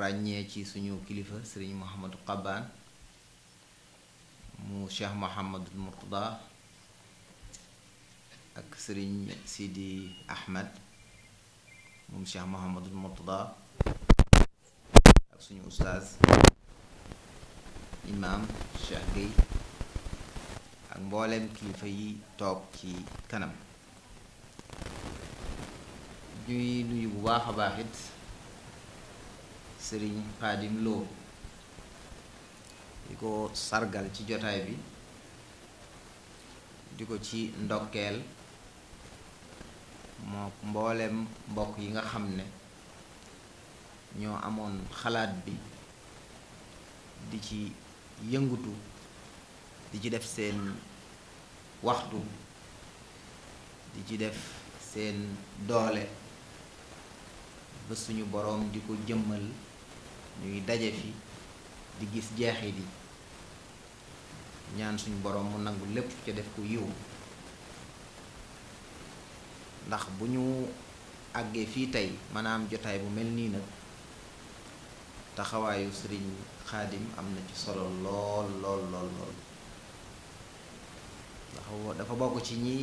ràññee ci suñu kilifa sëriñ Mouhamadou Xabaan mu Cheikh Mouhamadul Murtada ak sëriñ Sidi Ahmed moom Cheikh Mouhamadul Murtada ak suñu ustaaz imaam Cheikh Gueye ak mbooleem kilifa yi toog ci kanam ñuy nuyu bu baax a baax sëriñ xaadim di ko sargal ci jotaay bi di ko ci ndokkeel moo mboolem mbokk yi nga xam ne ñoo amoon xalaat bi di ci yëngutu di ci def seen waxtu di ci def seen doole ba suñu boroom di ko jëmmal ñuy daje fi di gis jeexit yi ñaan suñu boroom mu nangu lépp ca def ko yiw ndax bu ñu àggee fii tey maanaam jotaay bu mel nii nag taxawaayu sëriñ xaadim am na ci solo lool lool lool dafa bokk ci ñi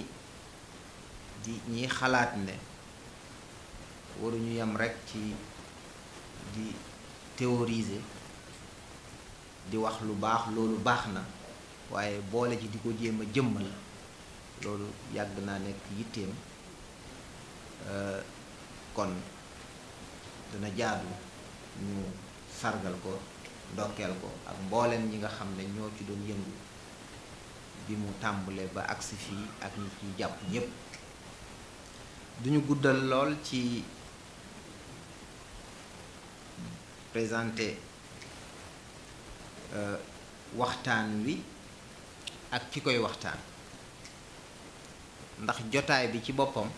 di ñiy xalaat ne waruñu yam rekk ci di théoriser di wax lu baax loolu baax na waaye boole ji di ko jéem a jëmmal loolu yàgg naa nekk yitteem euh, kon dana jaadu ñu sargal ko ndokkeel ko ak mbooleen ñi nga xam ne ñoo ci doon yëngu bi mu tàmbulee ba agsi fii ak ñi ciy jàpp ñépp duñu guddal lool ci présenter euh, waxtaan wi ak ki koy waxtaan ndax jotaay bi ci boppam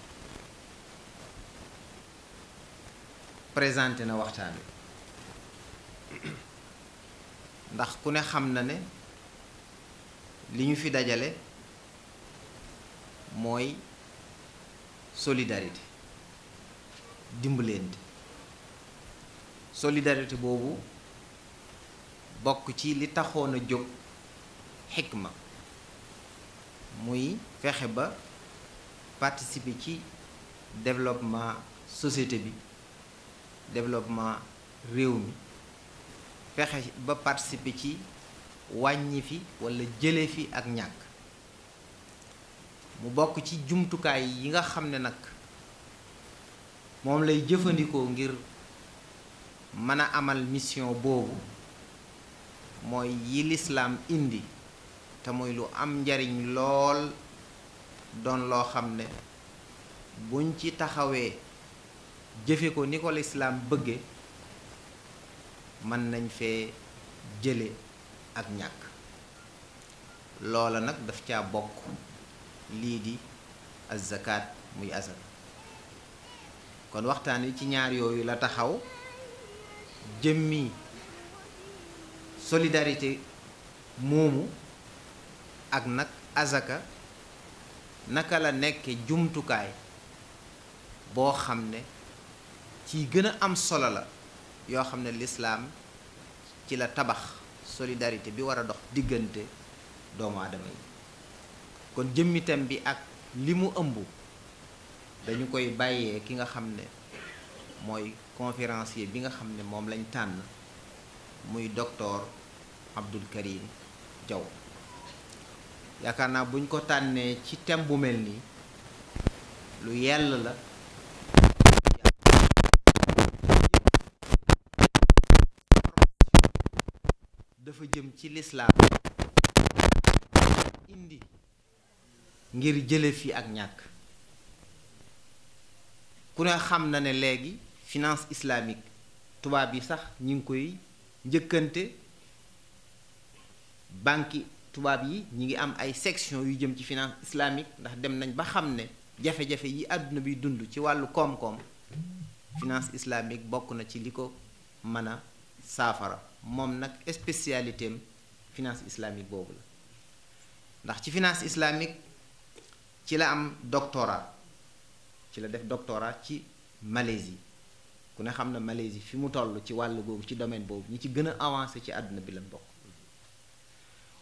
présenté na waxtaan wi ndax ku ne xam na ne li ñu fi dajale mooy solidarité dimbalante solidarité boobu bokk ci li taxoon a jóg xikma muy fexe ba participer ci développement société bi développement réew mi fexe ba participer ci wàññi fi walla jële fi ak ñàkk mu bokk ci jumtukaay yi nga xam ne nag moom lay jëfandikoo ngir mën a amal mission boobu mooy yi lislaam indi te muy lu am njariñ lool doon loo xam ne buñ ci taxawee jëfe ko ni ko lislaam bëgge mën nañ fee jële ak ñakk loola nag daf ca bokk lii di azzakat muy azaka kon waxtaan wi ci ñaar yooyu la taxaw jëmmi solidarité moomu ak nag azaka naka la nekke jumtukaay boo xam ne ci gën a am solo la yoo xam ne lislaam ci la tabax solidarité bi war a dox diggante doomu aadama yi kon jëmmi thème bi ak li mu ëmb dañu koy bàyyee ki nga xam ne mooy conférencier bi nga xam ne moom lañ tànn muy docteur Abdoul Karim Diaw yaakaar naa buñ ko tànnee ci thème bu mel nii lu yell la dafa jëm ci lislaam indi ngir jële fi ak ñàkk ku ne xam na ne léegi finance islamique tubaab yi sax ñu ngi koy njëkkante banque tubaab yi ñu ngi am ay section yu jëm ci finance islamique ndax dem nañ ba xam ne jafe-jafe yi àdduna bi dund ci wàllu koom-koom finance islamique bokk na ci li ko mën saafara moom nag spécialité am finance islamique boobu la ndax ci finance islamique ci la am doctorat ci la def doctorat ci Malaisie ku ne xam na Malaisie fi mu toll ci wàll googu ci domaine boobu ñi ci gën a avancé ci àdduna bi lañ bokk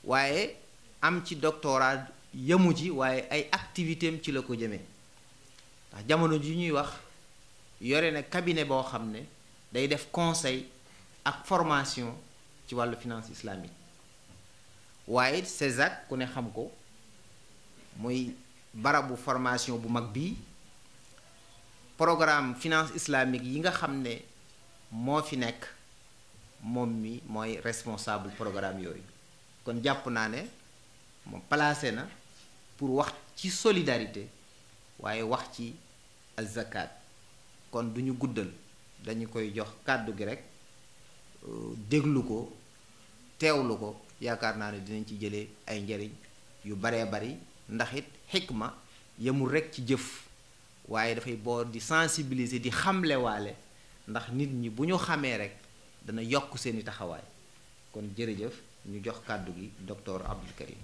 waaye am ci doctorat yemu ci waaye ay activité ci la ko jëmee ndax jamono ji ñuy wax yore na cabinet boo xam ne day def conseil ak formation ci wàllu finance islamique waaye CESAC ku ne xam ko muy barabu formation bu mag bii programme finance islamique yi nga xam ne moo fi nekk moom mi mooy responsable programme yooyu kon jàpp naa ne moom placé na pour wax ci solidarité waaye wax ci azakaat kon du ñu guddal dañu koy jox kàddu gi rek euh, déglu ko teewlu ko yaakaar naa ne dinañ ci jëlee ay njariñ yu baree bari ndax xikma yemul rek ci jëf waaye dafay boor di sensibiliser di xamlewaale ndax nit ñi bu ñu xamee rek dana yokk seeni taxawaay kon jërëjëf ñu jox kàddu gi docteur Abdou Karim